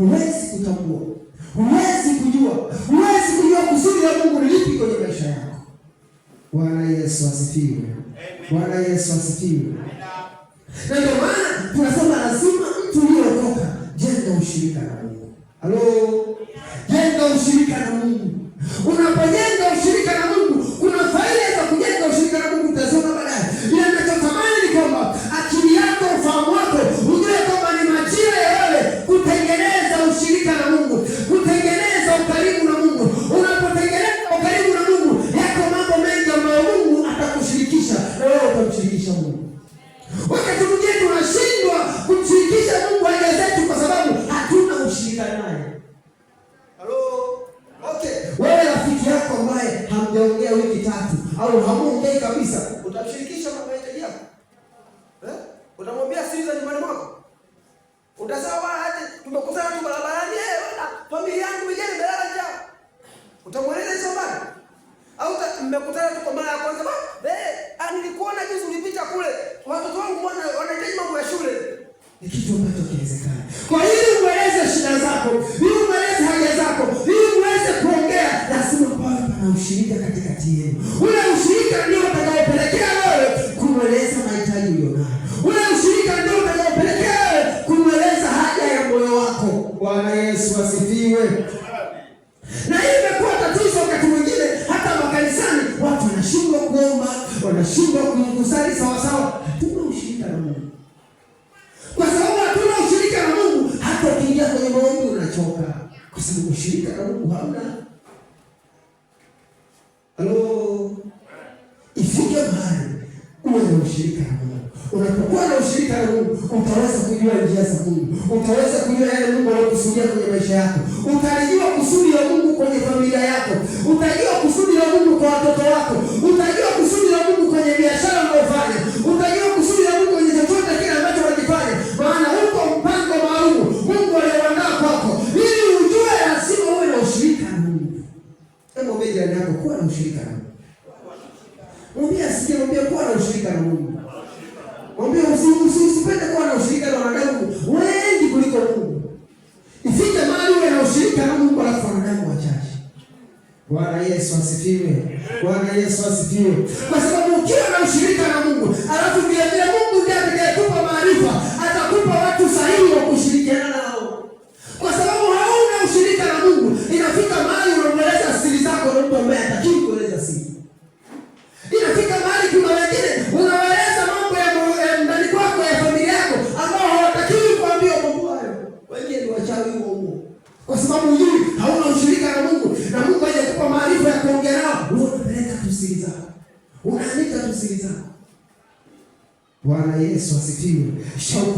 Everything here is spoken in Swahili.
huwezi kutambua, huwezi kujua, huwezi kujua kusudi la Mungu ni lipi kwenye maisha yako. Bwana Yesu asifiwe. Bwana Yesu asifiwe. Na ndio maana tunasema lazima mtu uliokoka jenga ushirika na Mungu. Halo. umefika naye. Halo? Okay. Wewe rafiki yako ambaye hamjaongea wiki tatu au hamuongei kabisa, utamshirikisha mahitaji yako? Eh? Utamwambia siri za nyumbani mwako? Utasema hata tumekutana tu barabarani, eh, familia yangu mjeni barabara njaa. Utamweleza hizo habari? Au mmekutana tu kwa mara ya kwanza, eh, ah, nilikuona juzi ulipita kule. Watoto wangu mwana wanahitaji mambo ya shule. Ni kitu ambacho kinawezekana. Kwa Bwana Yesu asifiwe. Na hii imekuwa tatizo wakati mwingine hata makanisani, watu wanashindwa kuomba, wanashindwa kumkusali sawasawa. Tuna ushirika na Mungu kwa sababu hatuna ushirika na Mungu, hata ukiingia kwenye maombi unachoka kwa sababu ushirika na Mungu hauna. Halo, ifike mahali na ushirika na Mungu. Unapokuwa na ushirika na Mungu, utaweza kujua njia za Mungu, utaweza kujua yale Mungu anayokusudia kwenye maisha yako, utajua kusudi la Mungu kwenye familia yako, utajua kusudi la Mungu kwa watoto wako, utajua kusudi la Mungu kwenye biashara unayofanya, utajua kusudi la Mungu kwenye chochote kile ambacho unakifanya, maana uko mpango maalum Mungu aliyoandaa kwako, ili ujue, lazima uwe na ushirika na Mungu. Hebu mbele yako kuwa na ushirika na Mungu. Yesu anamwambia kuwa na ushirika na Mungu. Mwambie usipende kuwa na ushirika na wanadamu wengi kuliko Mungu. Ifike mahali uwe na ushirika na Mungu alafu wanadamu wachache. Bwana Yesu asifiwe. Bwana Yesu asifiwe. Kwa sababu uchawi huo huo, kwa sababu hujui, hauna ushirika na Mungu na Mungu hajakupa maarifa ya kuongea nao, wewe unapeleka tu siri unaandika tu Bwana Yesu asifiwe.